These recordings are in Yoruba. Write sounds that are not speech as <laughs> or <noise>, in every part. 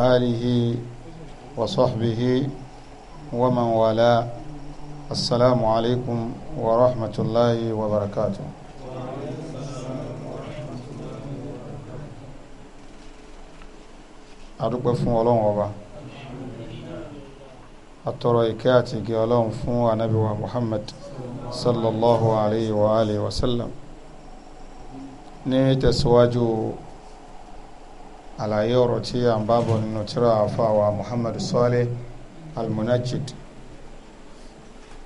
آله وصحبه ومن والاه السلام عليكم ورحمة الله وبركاته adúpẹ́ fún ọlọ́run ọba àtọrọ ìkẹ́ àti ìgẹ́ ọlọ́run fún anábíwa muhammad sallallahu alayhi wa alayhi wa sallam ní tẹ̀síwájú àlàyé ọ̀rọ̀ tí a ń bábọ̀ nínú tíra àfàwà Muhammad Saleh Al-Munajjid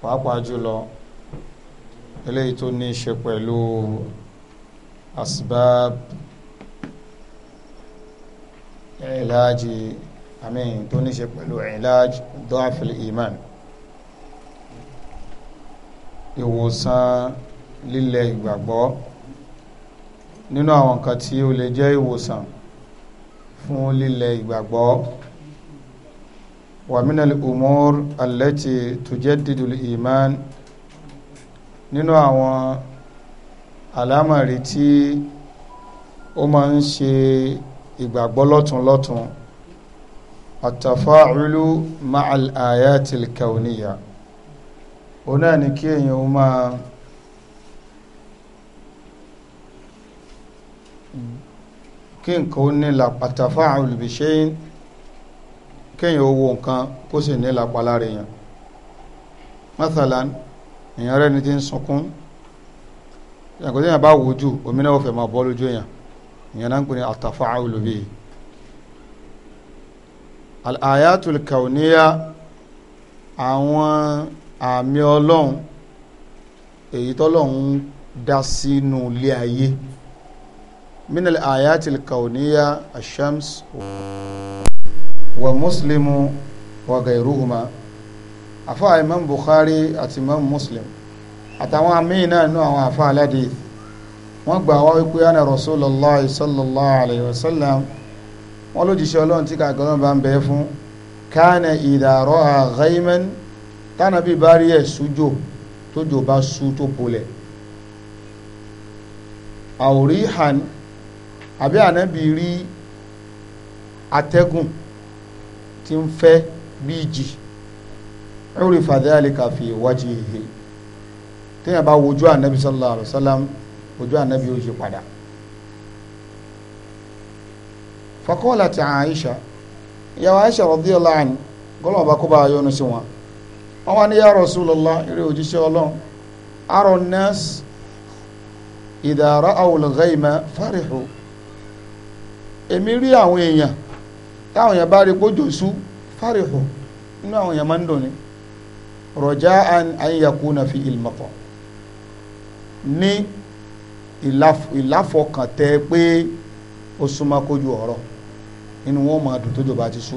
pàápàá jùlọ eléyìí tó ní í ṣe pẹ̀lú asbab ìlàjì àmín tó ní í ṣe pẹ̀lú ìlàjì dọ́àfil iman ìwòsàn lílẹ̀ ìgbàgbọ́ nínú àwọn nǹkan tí ó lè jẹ́ ìwòsàn fún lílẹ̀ ìgbàgbọ́ wa min al-umur allati tujaddidu al-iman nínú àwọn àlámàrí tí ó máa ń ṣe ìgbàgbọ́ lọ́tun lọ́tun àtàfáàrúlú ma'al ayatil kauniya ó náà ni kí èyàn ó máa kí nǹkan ó ní lápá tafa'ul bi shay'in kéèyàn ó wo nǹkan kó sì ní lápá lára èèyàn mathalan èèyàn rẹ̀ ni ti ń sunkún yàgò téèyàn bá wò jù omi náà ó fẹ́ máa bọ́ lójú èèyàn èèyàn náà ń pè ní atafa'ul bi al-ayatul kauniya àwọn àmì ọlọ́run èyí tọ́lọ́run dá sínú ilé ayé. من الآيات الكونية الشمس ومسلم وغيرهما àfáà imam bukhari àti imam muslim àtàwọn amíyàn náà nú àwọn àfáà aládìí wọ́n gbà wá wípé ana rasulallah sallallahu alayhi wa sallam wọ́n lójíṣẹ́ ọlọ́run tí kàgbọ́n bá ń bẹ fún kánà ìdàrọ́ àgáyímẹ́n tánà bí bá rí ẹ̀ sújò tójò bá sú tó polẹ̀ àwòrí hàn àbí ànábì rí atẹ́gùn tí ń fẹ́ bí ìjì ẹ̀rù ìfàdé àlìkà fi wájú ìhe téèyàn bá wojú ànábì sallallahu alaihi wasallam ojú ànábì ó yí padà fakọ́lá ti àìṣà ìyàwó àìṣà radiyallahu anha gọ́lọ̀ bá kó bá yọnu sí wọn wọ́n wá ní ya Rasulullah eré òjíṣẹ́ ọlọ́run aron nas idha ra'awul ghayma farihu èmi rí àwọn èèyàn táwọn èèyàn bá rí kójò sú fárihù inú àwọn èèyàn máa ń dùn ní rọjá àyíyàkúnà fi ìlmọ̀tọ̀ ní ìláfọkàntẹ pé ó súnmọ́ kójú ọ̀rọ̀ inú wọn máa dùn tójò bá ti sú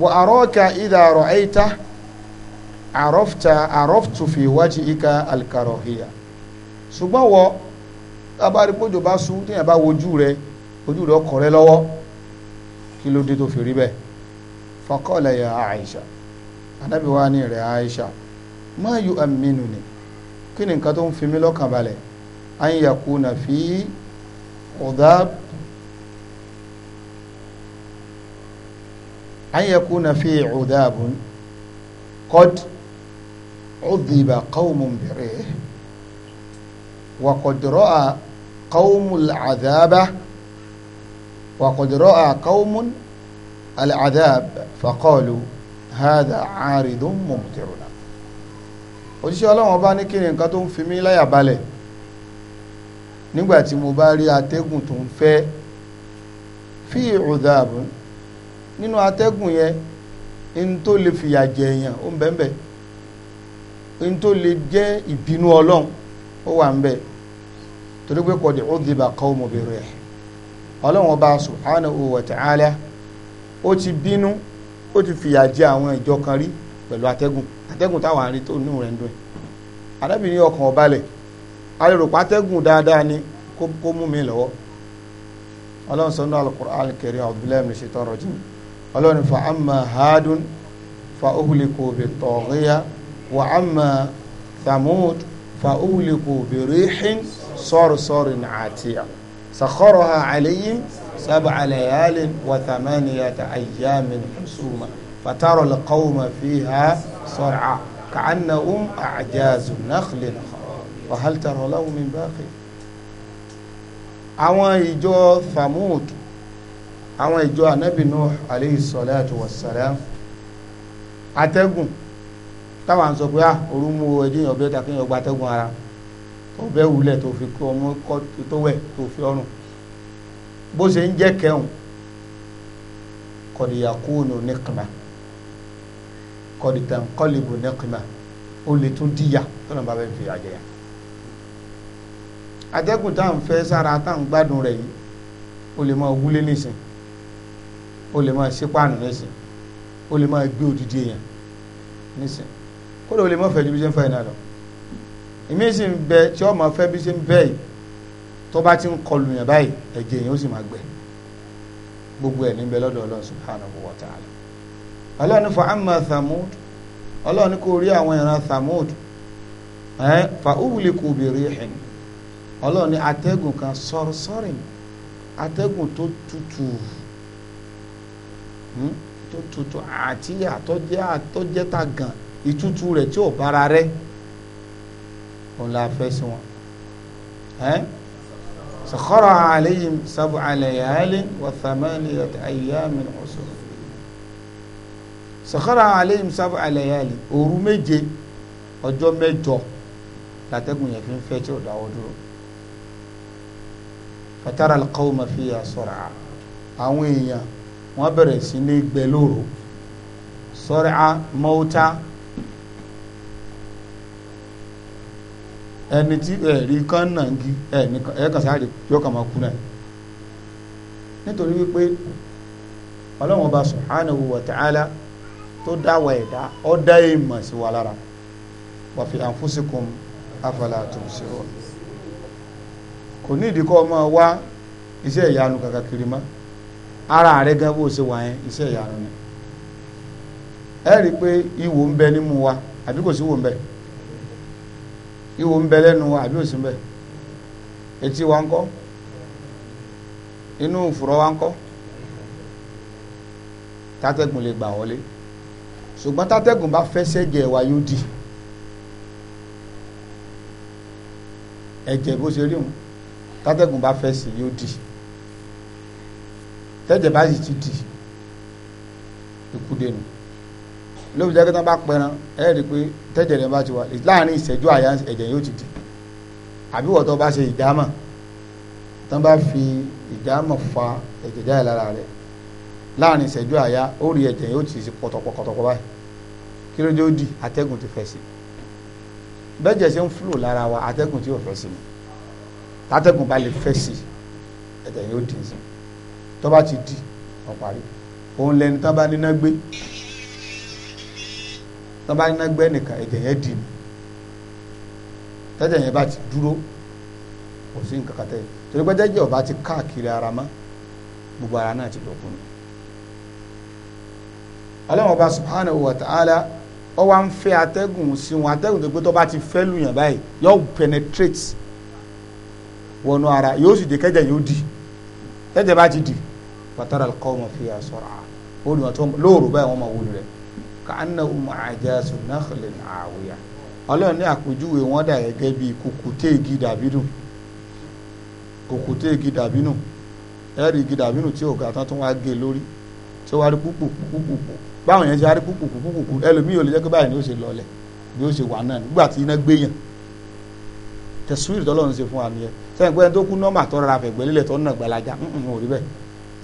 wọ àrọ́ọ̀kà ìdá àrọ̀ ẹ̀yíta àrọ́fta fi wájú ìka alkarohia ṣùgbọ́n wọ abárikójò bá sú téèyàn bá wojú rẹ̀ ojú rẹ̀ ọkọ̀ rẹ̀ lọ́wọ́ kí ló dé tó fi rí bẹ́ẹ̀ faqala ya Aisha anábì wa ní rẹ̀ Aisha ma yu'minuni kí ni nǹkan tó ń fi mí lọ́kàn balẹ̀ an yakuna fi udab an yakuna fi udabun qad udhiba qawmun birih wa qad ra'a qawmul وقد رأى قوم العذاب فقالوا هذا عارض ممطرنا òjíṣẹ́ ọlọ́run ọba ní kí ni nǹkan tó ń fi mí láyà balẹ̀ nígbà tí mo bá rí atẹ́gùn tó ń fẹ́ fi ìrùdàbù nínú atẹ́gùn yẹn in tó lè fìyà jẹ èèyàn ó ń bẹ ń bẹ in tó lè jẹ́ ìbínú ọlọ́run ó wà ń bẹ torí pé kọ̀dé ó dìbà kọ́ ọmọbìnrin rẹ̀ ọlọ́run ọba subhanahu wa ta'ala ó ti bínú ó ti fìyà jẹ àwọn ìjọ kan rí pẹ̀lú atẹ́gùn atẹ́gùn táwọn àárín tó nù rẹ̀ ń dùn ẹ̀ arábìnrin ọkàn ọba lẹ̀ arẹ́rọ̀pá atẹ́gùn dáadáa ni kó mú mi lọ́wọ́ ọlọ́run sọ ní al-Qur'an al-Karim ọlọ́run fa amma hadun fa uhliku bit-taghiya wa amma thamud fa uhliku bi rihin sarsarin 'atiyah sakharaha alayhim sab'a layalin wa thamaniyata ayyamin husuma fatara alqawma fiha sar'a ka'annahum a'jazu nakhlin wa hal tara lahum min baqi àwọn ìjọ Thamud àwọn ìjọ Ànábì Nuh alayhi salatu wassalam atẹ́gùn táwọn sọ pé ah orúmú ẹdínyàn bẹ́ẹ̀ tàkínyàn gba atẹ́gùn ara tó bẹ́ wulẹ̀ tó fi kọ́ ọmọ kọ́ tó wẹ̀ tó fi ọrùn bó ṣe ń jẹ́ kẹun kọ̀dìyà kúùnù nìkìmá kọ̀dìtàn kọ́lìbù nìkìmá ó lè tún díyà tó náà bá bẹ́ẹ̀ fi àjẹyà àjẹkùn tá à ń fẹ́ sára tá à ń gbádùn rẹ̀ yìí ó lè máa wúlé nísìn ó lè máa ṣípàánù nísìn ó lè máa gbé òdìdí èèyàn nísìn kódà ó lè máa fẹ́ ju bí ṣe ń fẹ́ náà lọ ìmí sì ń bẹ tí ọmọ fẹ́ bí ṣe ń bẹ́ yìí tó bá ti ń kọlù yàn báyìí ẹ̀jẹ̀ yẹn ó sì máa gbẹ gbogbo ẹ̀ níbẹ̀ lọ́dọ̀ ọlọ́run subhanahu wa ta'ala ọlọ́run fa amma thamud ọlọ́run kò rí àwọn ìran thamud ẹ̀ fa uhuliku bi rihin ọlọ́run ní atẹ́gùn kan sọ́rọ̀sọ́rìn atẹ́gùn tó tutù hmm, tó tutù àti àtọ́jẹ́ àtọ́jẹ́ta gan ìtutù rẹ̀ tí ò bára rẹ̀ òun la fẹ́ sí wọn sakhara alayhim sab'a layalin wa thamaniyata ayyamin husuma sakhara alayhim sab'a layalin òru méje ọjọ́ mẹ́jọ látẹ́gùn yẹn fi ń fẹ́ tí ò dáwọ́ dúró fatara alqawma fiya sur'a àwọn èèyàn wọ́n bẹ̀rẹ̀ sí ní gbẹ lóru sur'a mauta ẹni tí ẹ̀rí kan náà ń gi ẹ̀ẹ́kan sáré yóò kàn máa kú náà nítorí wípé ọlọ́run ọba subhanahu wa ta'ala tó dáwà ẹ̀dá ó dá ìmọ̀ sí wa lára wa fi anfusikum afala tubsirun kò ní ìdíkọ́ ọmọ wá iṣẹ́ ìyanu kàkà kiri mọ́ ara rẹ̀ gan bó ṣe wà yẹn iṣẹ́ ìyanu ni ẹ rí i pé ìwò ń bẹ nímú wa àbí kò sí ìwò ń bẹ ihò ń bẹ lẹ́nu wa àbí òsì ń bẹ etí wa ń kọ́ inú ìfúrọ́ wa ń kọ́ tátẹ́gùn lè gbà wọlé ṣùgbọ́n tátẹ́gùn bá fẹ́ sẹ́jẹ̀ wa yóò di ẹ̀jẹ̀ bó ṣe rí òun tátẹ́gùn bá fẹ́ yóò di tẹ́jẹ̀ bá sì ti di ikú dẹnu ló fi jẹ́ kí wọ́n bá pẹran ẹ rí i pé tẹ́jẹ̀ rẹ̀ bá ti wà láàrin ìṣẹ́jú àyà ẹ̀jẹ̀ yóò ti dì àbí wọ́n bá ṣe ìdámọ̀ tó bá fi ìdámọ̀ fa ẹ̀jẹ̀ jáde lára rẹ̀ láàrin ìṣẹ́jú àyà ó rí ẹ̀jẹ̀ yóò ti ṣe pọ̀tọ̀pọ̀tọ̀pọ̀ báyìí kí ló dé ó di atẹ́gùn ti fẹ̀ sí bẹ́jẹ̀ ṣe ń fúlò lára wa atẹ́gùn tí ò fẹ́ sí ni tátẹ́gùn bá lè fẹ́ sí ẹ̀jẹ̀ yóò dì í tó bá iná gbẹ́ nìkan ẹ̀jẹ̀ yẹn dì ní tẹ́jẹ̀ yẹn bá ti dúró kò sí nǹkan kan tẹ́jẹ̀ torí pé tẹ́jẹ̀ ọba ti káàkiri ara mọ́ gbogbo ara náà ti dọ̀kun ni. ọlọ́run ọba subhanahu wa ta'ala ọ wá ń fẹ́ atẹ́gùn sí wọn atẹ́gùn tó gbé tó bá ti fẹ́ lùyàn báyìí yóò penetrate wọnú ara yóò sì dé kẹ́jẹ̀ yóò dì tẹ́jẹ̀ bá ti dì pàtàkì kọ́ ọmọ fi àṣọra ó ní lóòrò báyìí wọn máa wọlé rẹ̀ ka'annahum ajazu nakhlin awiya ọlọ́run ní àpèjúwe wọn dà gẹ́gẹ́ bí kùkùté igi dàbínù kùkùté igi dàbínù ẹ̀rí igi dàbínù tí ò ga tán tó wá gé lórí tí ó wá rí púpùpùpùpù báwọn yẹn ṣe wá rí púpùpùpùpù ẹlòmíì ò lè jẹ́ pé báyìí ni ó ṣe lọlẹ̀ bí ó ṣe wà náà nígbà tí iná gbé yàn tẹ̀síwìrì tọ́lọ́run ṣe fún wa nìyẹn sẹ́yìn pé ẹni tó kú nọ́mà tọ́ra fẹ̀gbẹ́lélẹ̀ tọ́ nà gbalaja ń ò rí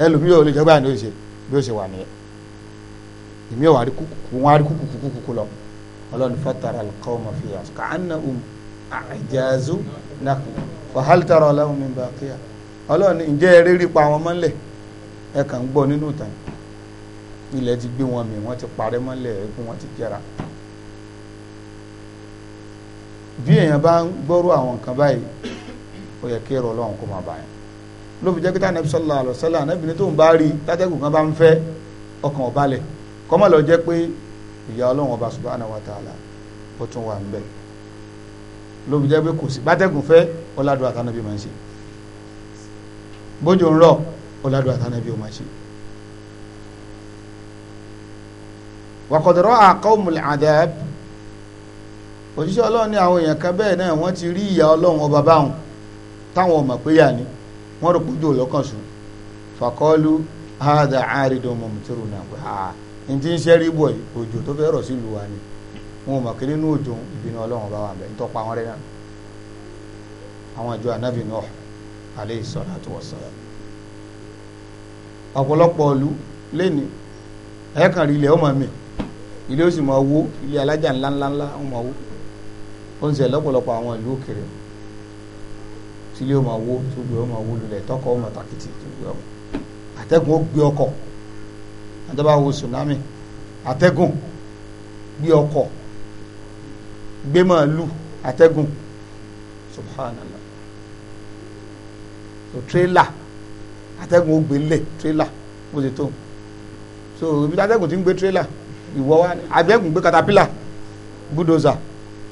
ẹlòmíì ò lè jẹ́ báyìí ni ó ṣe bí ó ṣe wà nìyẹn èmi ò wá rí kúkú wọn á rí kúkú kúkú kúkú lọ ọlọ́run fatara alqawma fi yà ká ànà um àjàzú nàkú wàhálì tara ọlọ́run mi bá kíá ọlọ́run ǹjẹ́ eré rí pa wọn mọ́lẹ̀ ẹ kàn ń gbọ́ nínú ìtàn ilẹ̀ ti gbé wọn mì wọ́n ti parẹ́ mọ́lẹ̀ ẹ̀kún wọn ti jẹra bí èèyàn bá ń gbọ́rú àwọn nǹkan báyìí ó yẹ kí ẹ̀rọ ọlọ́run kó máa bá yẹn ló jẹ́ kí tá ànábì sallallahu alaihi wasallam ànábì kọ́mọ̀ lọ jẹ́ pé ìyá ọlọ́run ọba subhanahu wa ta'ala ó tún wà ń bẹ̀ lóbi jẹ́ pé kò sí bátẹ́gùn fẹ́ ọ̀làdùn àtànàbí máa ń ṣe bójú ń rọ̀ ọ̀làdùn àtànàbí ó máa ṣe. wa qad ra'a qawmul adab òjíṣẹ́ ọlọ́run ní àwọn èèyàn kan bẹ́ẹ̀ náà wọ́n ti rí ìyá ọlọ́run ọba báwọn táwọn ọmọ pé ni wọ́n rò pójú òlọ́kàn sùn faqalu hadha aridun mumtiruna n ti ń ṣẹ́rí bọ̀ òjò tó fẹ́ rọ̀ sí ìlú wa ni wọn ò mọ̀ kí nínú òjò ìbínú ọlọ́run bá wà bẹ́ẹ̀ nítorí wọn rẹ́ náà àwọn ìjọ anabi Nuh alayhi salatu wassalam ọ̀pọ̀lọpọ̀ ìlú lẹ́ni ẹ̀ẹ́kan rí ilẹ̀ ọmọ mi ilé ó sì máa wó ilé alájà ńláńláńlá ó máa wó ó ń ṣe lọ́pọ̀lọpọ̀ àwọn ìlú òkèrè tí ilé ó máa wó tó gbé ó wó lulẹ̀ tọkọ ó máa tó gbé ọmọ àtẹ̀gùn ó gbé ọkọ̀ àtọ́bá wo tsunami àtẹ́gùn gbé ọkọ̀ gbé màálù àtẹ́gùn subhanallah so trailer, àtẹ́gùn ó gbé lẹ̀ tírélà bó ti tó so ibi tí àtẹ́gùn ti ń gbé tírélà ìwọ wa àbẹ́gùn gbé katapila budoza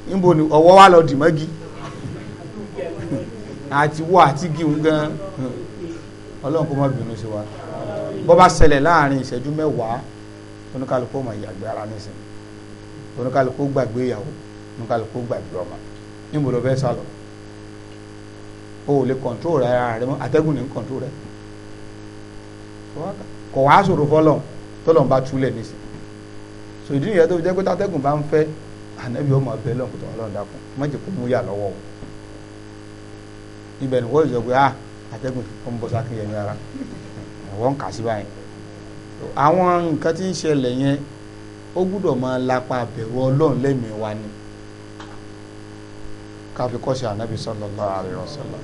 níbo ni ọwọ́ wa lọ dì mọ́gi <laughs> àti wọ́ àti gíw gan ọlọ́run kó má bínú sí wa bó bá ṣẹlẹ̀ láàrin ìṣẹ́jú mẹ́wàá oníkálukú ọmọ ìyàgbé ara nísìnyí oníkálukú gbàgbé ìyàwó oníkálukú gbàgbé ọmọ níbo ló fẹ́ sálọ o ò lè kọ̀ǹtró rẹ ara rẹ mọ́ àtẹ́gùn ní kọ̀ǹtró rẹ kọ̀ wá sòrò fọlọ́n tọ́lọ́n bá túlẹ̀ nísìnyí so ìdí nìyẹn tó fi jẹ́ pé tátẹ́gùn bá ń fẹ́ ànábì ọmọ abẹ́ lọ́nkùtà ọlọ́run dákun má jẹ́ kó mú yà lọ́wọ́ o ibẹ̀ ni wọ́n yọ pé ah àtẹ́gùn ọmọ bọ́sá kìí yẹn ní ara wọ́n kà sí báyìí àwọn nǹkan tí ń ṣẹlẹ̀ yẹn ó gbúdọ̀ máa lapa bẹ̀rù ọlọ́run lẹ́mìí wa ni káfí kọ́ṣe ànábì sallallahu alayhi wa sallam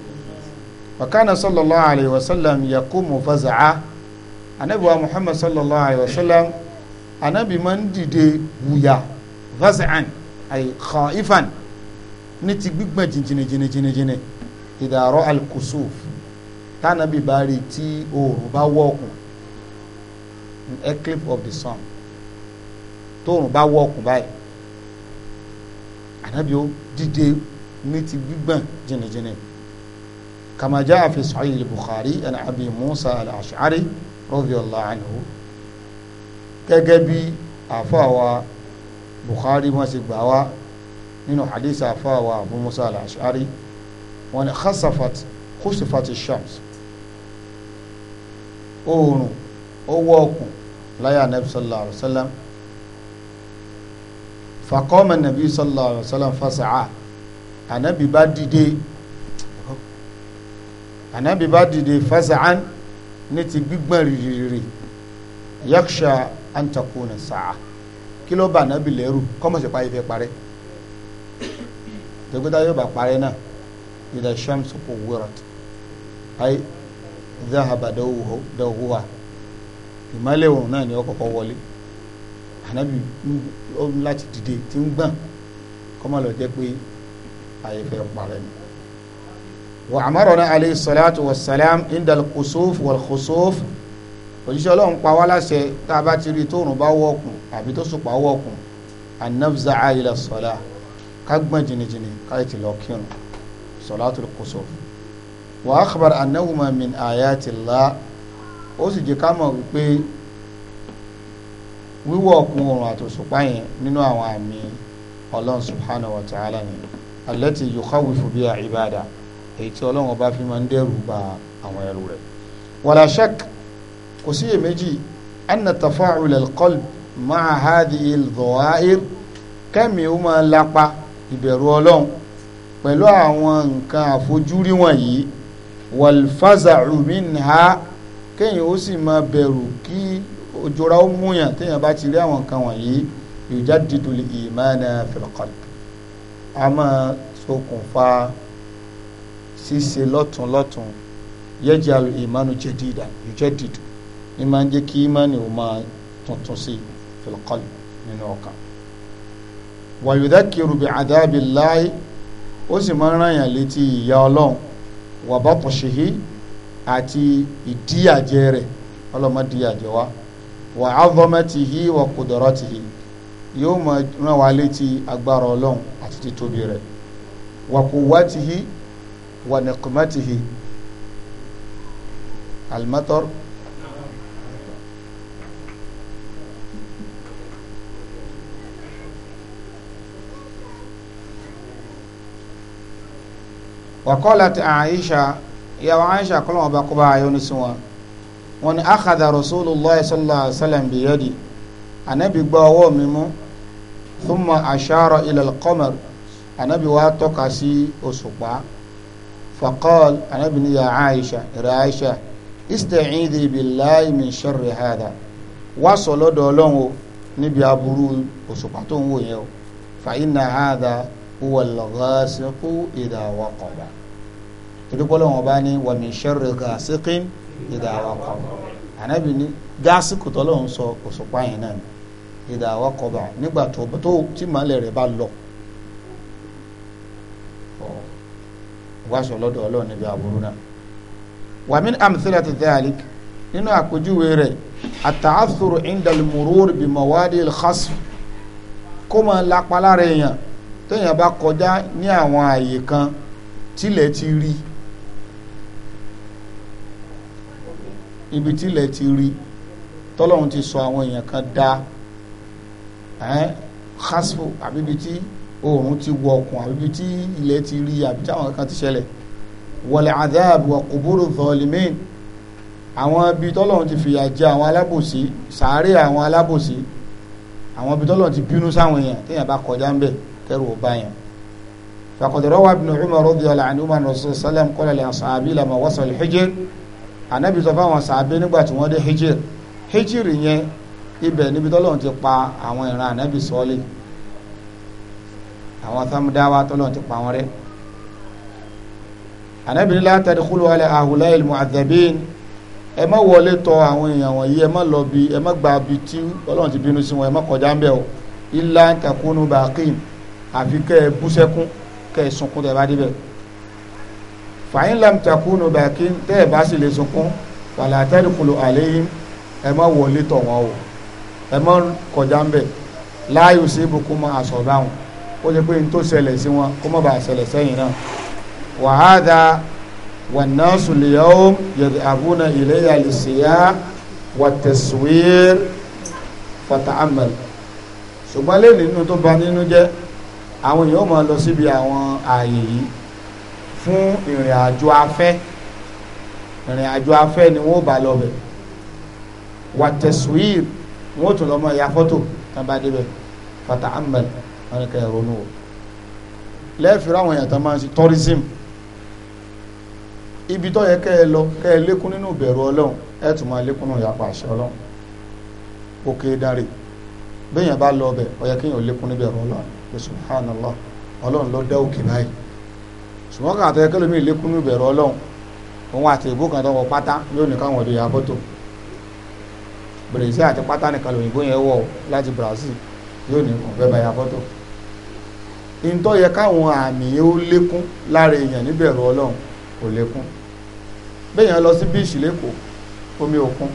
wa kana sallallahu alayhi wa sallam yaqumu faza'a ànábì wa muhammad sallallahu alayhi wa ànábì máa ń dìde wùyà faza'an ay khaifan ní ti gbígbọ̀n jìnnìjìnnìjìnnìjìnnì idha ra'a tánàbì bá rí tí oòrùn bá wọ̀kùn eclipse of the sun tóòrùn bá wọ̀kùn báyìí ànábì ó dìde ní ti gbígbọ̀n jìnnìjìnnì kàmájà àfi sahih al-Bukhari ẹni abi Musa al-Ash'ari radiyallahu anhu gẹ́gẹ́ bí àfọwà Bukhari wọn sì gbà wá nínú hadith àfọwà Abu Musa al-Ash'ari khasafat khusifat shams oòrùn ó wọ ọkùn láyà nabi sallallahu alayhi wa sallam fakọ́mọ nabi sallallahu alayhi wa sallam fasaca anabi bá dìde anabi bá dìde fasacan ní ti gbígbọ́n rìrìrì yaksha antakuna sa'a kí ló bá anabi lẹ́rù kọ́mọ̀sí pa ìfẹ́ parẹ́ dẹ́gbẹ́dá yóò bá parẹ́ náà ìdá shamsu kuwirat ayé zahaba dawuwa ìmọ́lẹ̀ òun náà ni ó kọ́kọ́ wọlé ànábì láti dìde tí ń gbọ̀n kọ́mọ lọ jẹ́ pé àyẹ̀fẹ́ parẹ́ ni. wa amarona alayhi salatu wa salam indal kusuf wal khusuf òjíṣẹ́ ọlọ́run pa wá láṣẹ tá a bá ti rí tóòrùn bá wọ̀kùn àbí tó sùpà wọ̀kùn anabza ayila sọlá ká gbọ̀n jìnnìjìnnì ká ètì kírun sọlá tó wa akhbar annahuma min ayatillah ó sì jẹ́ ká mọ̀ wípé wíwọ̀ ọ̀kun oòrùn àtòṣùpá yẹn nínú àwọn àmì ọlọ́run subhanahu wa ta'ala ni allati yukhawifu biha ibada èyí tí ọlọ́run ọba fi máa ń dẹ́rù ba àwọn ẹrú rẹ̀ wala shak kò sí èméjì anna tafa'ul alqalb ma'a hadhihi aldhawa'ir kẹ́mi ó máa lápa ìbẹ̀rù ọlọ́run pẹ̀lú àwọn nǹkan àfojúrí wọ̀nyí wàlfàzàrù minha kéèyàn ó sì máa bẹ̀rù kí òjòrà ó múyàn téèyàn bá ti rí àwọn nǹkan wọ̀nyí yujaddidu al-imana fil qalbi a máa ṣokùnfà ṣíṣe lọ́tún lọ́tún yaj'alu al-imanu jadida yujaddidu ní máa ń jẹ́ kí ìmánu ó máa tuntun sí fil nínú ọkàn wa yudhakiru bi'adabillahi ó sì máa ń ràn yàn létí ìyà ọlọ́run wàbàtọ̀ṣehé ati ìdíyàjẹ rẹ̀ ọlọ́mọdíyàjẹ wa wà ádọ́mẹ́tìhí wà kùdọ̀rọ̀tìhí yóò máa rán wa létí agbára ọlọ́run àti títóbi rẹ̀ wà kùwátìhí wà nìkùmẹ́tìhí alimátọ́rù. وقالت عائشة يا عائشة قالوا بقبا عيون سوا وان أخذ رسول الله صلى الله عليه وسلم بيدي النبي بوا ميمو ثم أشار إلى القمر أنا النبي كاسي أسوبا فقال أنا بني يا عائشة يا عائشة استعيذي بالله من شر هذا وصلوا دولون نبي أبرو أسوبا تنوي فإن هذا wọlọ́gọ́síkú ìdáwọ́kọ̀bá torípọ́lọ́ wọn bá ní wàmí sẹ́rẹ̀ gàásíkì ìdáwọ́kọ̀bá ànábì ní gàásíkù tọ́lọ́hún sọ òṣùpá yẹn náà ni ìdáwọ́kọ̀bá nígbà tó tí màálẹ̀ rẹ̀ bá lọ. wáṣọ lọ́dọ̀ ọlọ́run níbi àbúrú náà wàmí amthilati dhalik nínú àpèjúwe rẹ̀ àtàásùrù indal murur bí mawadi al-khasf kó máa lápá lára èèyàn téèyàn bá kọjá ní àwọn àyè kan tílẹ̀ ti rí ibi tílẹ̀ ti rí tọ́lọ́run ti sọ àwọn èèyàn kan dá ẹ́n hasfo àbíbi tí oòrùn ti wọ ọkùn àbíbi tí ilẹ̀ ti rí àbí táwọn kan ti ṣẹlẹ̀ wọlé àdáàbò ọkùnbóró zọlímẹ́ẹ̀n àwọn ibi tọ́lọ́run ti fìyà jẹ àwọn alábòsí sàárè àwọn alábòsí àwọn ibi tọ́lọ́run ti bínú sáwọn èèyàn téèyàn bá kọjá ń bẹ̀ kẹrù ó báyàn. faqad rawa ibn Umar radiyallahu anhuma rasul salam صلى الله عليه وسلم قال hijir anabi sọ fáwọn sàbẹ nígbà tí wọ́n dé hijir hijir yẹn ibẹ̀ níbi tọ́lọ́run ti pa àwọn ìran anabi sọ́ọ́lì àwọn samudawa tọ́lọ́run ti pa wọn rẹ́ anabi la tadkhulu ala ahulai almu'adhabin ẹ má wọlé tọ̀ àwọn èèyàn wọ̀nyí ẹ má lọ bi ẹ má gba bi tí Ọlọ́run ti bínú sí wọn ẹ má kọjá ń bẹ̀ o illa takunu baqin àfi kẹ́ ẹ bú sẹ́kún kẹ́ ẹ sunkún tẹ́ ẹ bá débẹ̀ fàyín lamtakunu bàkí tẹ́ ẹ bá sì lè sunkún fàlà àtẹ́rìkùlù àléyìn ẹ má wọlé tọ̀ wọn o ẹ má kọjá ń bẹ̀ láàyò sí ibùkún mọ́ àsọ̀bá wọn ó ṣe pé n tó sí wọn kó má bàa ṣẹlẹ̀ sẹ́yìn náà wàhádà wànásù lèyàwó yẹ̀dì àbúnà ìlẹ́yà lìṣìyà wàtẹ̀síwìr fàtàmẹ́l ṣùgbọ́n lẹ́nu tó bà nínú jẹ́ àwọn èèyàn máa lọ síbi àwọn ààyè yìí fún ìrìn àjò afẹ́ ìrìn àjò afẹ́ ni wọ́n bá lọ bẹ̀ wàtẹ̀sùwìr wọ́n tún lọ́mọ ya fọ́tò tán bá débẹ̀ fata amal wọn kẹ́ ronú o lẹ́ẹ̀fìrì àwọn èèyàn tán máa ń ṣe tourism ibi tó yẹ kẹ́ ẹ lọ kẹ́ ẹ lékún nínú ìbẹ̀rù ọlọ́run ẹ tún máa lékún nínú ìyapa àṣẹ ọlọ́run òkè dárè béèyàn bá lọ ọbẹ̀ ó yẹ kéèyàn lékún níbẹ̀rù ọlọ́run pé subhanallah ọlọ́run ló dá òkè báyìí ṣùgbọ́n kàn àtẹ̀yẹ kẹlẹ́mi ìlékúnú ìbẹ̀rù ọlọ́run òun àti ìbò kan tó wọ pátá yóò ní káwọn ọ̀dọ́ yà fọ́tò bèrèsì àti pátá nìkan lòyìnbó yẹn wọ̀ láti Brazil yóò ní kàn fẹ́ bá yà fọ́tò ìntọ́ yẹ káwọn àmì yẹn ó lékún lára èèyàn níbẹ̀rù ọlọ́run kò lékún bẹ́ẹ̀yàn lọ sí bíìsì lẹ́kọ̀ọ́ omi òkun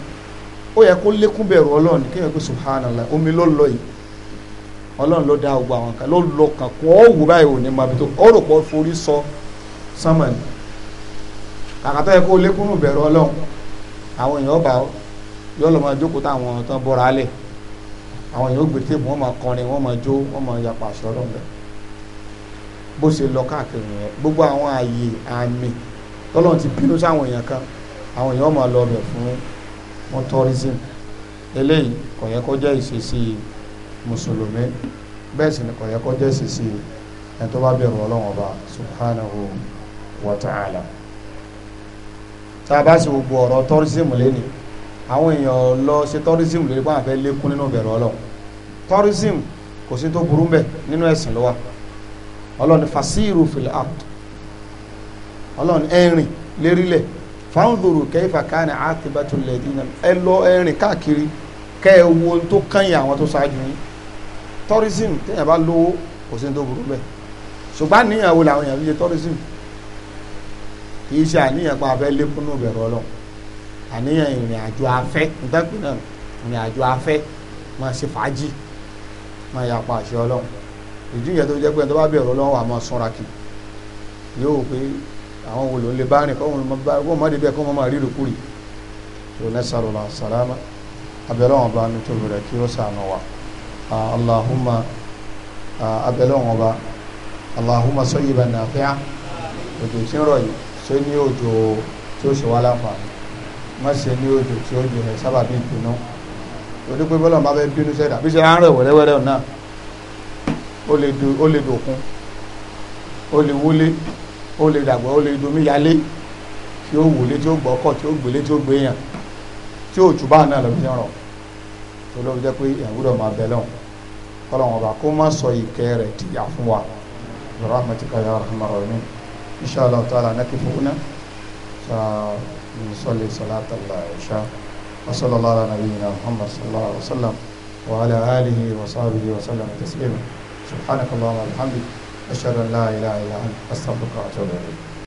ó yẹ kó lékún bẹ̀rù ọlọ́run kéèyàn kó subhanallah omi ló lọ yìí ọlọ́run ló dá gbogbo àwọn kan ló lọ kàn kún ó wù báyìí ò ní mọ abitó ó rò pọ̀ forí sọ sánmọ̀ ni kàkàtà yẹ kó lékúnú bẹ̀rù ọlọ́run àwọn èèyàn bá yọ lọ́mọ jókòó táwọn tán bọ́ra alẹ̀ àwọn èèyàn ó gbé téèmù wọn máa kọrin wọn máa jó wọn máa yapa aṣọ ọlọ́run bó ṣe lọ káàkiri yẹn gbogbo àwọn ààyè àmì tọ́lọ́run ti bínú sáwọn èèyàn kan àwọn èèyàn máa lọ fún wọn eléyìí kò jẹ́ ìṣesí yìí mùsùlùmí bẹ́ẹ̀ sì ni kò yẹ kó jẹ́ sisi ẹni tó bá bẹ̀rù ọlọ́run ọba subhanahu wa ta'ala tá a bá sì gbogbo ọ̀rọ̀ tọ́rísìmù lẹ́ni àwọn èèyàn lọ ṣe tọ́rísìmù lórí pé àwọn fẹ́ lékún nínú bẹ̀rù ọlọ́run tọ́rísìmù kò sí tó burú mbẹ̀ nínú ẹ̀sìn ló wà ọlọ́run ní fasiru fil ard ọlọ́run ẹ̀rìn lérílẹ̀ fanzuru kayfa kana atibatul ladina ẹ lọ ẹ̀rìn káàkiri kẹ́ ẹ wo tó kàn yín àwọn tó ṣáájú yín tourism téèyàn bá lówó kò sí ní tó burú bẹ́ẹ̀ ṣùgbọ́n àníyàn làwọn èèyàn fi ṣe tourism kì í ṣe àníyàn pa abẹ́ lékún ní ìbẹ̀rù ọlọ́run àníyàn ìrìn àjò afẹ́ ntẹ́kù náà ìrìn àjò afẹ́ máa ṣe fàájì máa yapa àṣẹ ọlọ́run ìdí ìyẹn tó jẹ́ pé ẹni tó bá bẹ̀rù ọlọ́run wà máa sanra kì yóò wò pé àwọn wo ló ń lè bá rìn kọ́ wọn má débi ẹ̀kọ́ wọn máa rí ìrùkúrì tó nẹ́sàrò náà sàlámà abẹ́rẹ́ wọn bá ní tóbi rẹ̀ kí ó sàánú wa allahumma abẹ́lẹ́ wọn ba allahumma sayyiban nafi'a òjò tí ń rọ̀ yìí ṣé ní òjò tí ó ṣe wá láǹfààní má ṣe ní òjò tí ó jẹ sábàbí ìbínú torí pé bọ́lá máa bẹ bínú sẹ́dá bí ṣe á ń rẹ̀ wẹ́rẹ́wẹ́rẹ́ náà ó lè dòkun ó lè wúlé ó lè dàgbà ó lè domi yálé tí ó wúlé tí ó gbọ́kọ̀ tí ó gbélé tí ó gbéyàn tí òjò bá náà lọ́bí ṣe ń rọ̀ tó lọ́bí jẹ́ pé ìyàwó rẹ̀ máa bẹ lọ́hùn قال ما بعكم سوي كير تيافوا برحمتك يا رحمة الرحمن إن شاء الله تعالى نكف هنا فنصلي صلاة الله إن شاء وصلى الله على نبينا محمد صلى الله عليه وسلم وعلى آله وصحبه وسلم تسليما سبحانك اللهم وبحمدك أشهد أن لا إله إلا أنت أستغفرك وأتوب إليك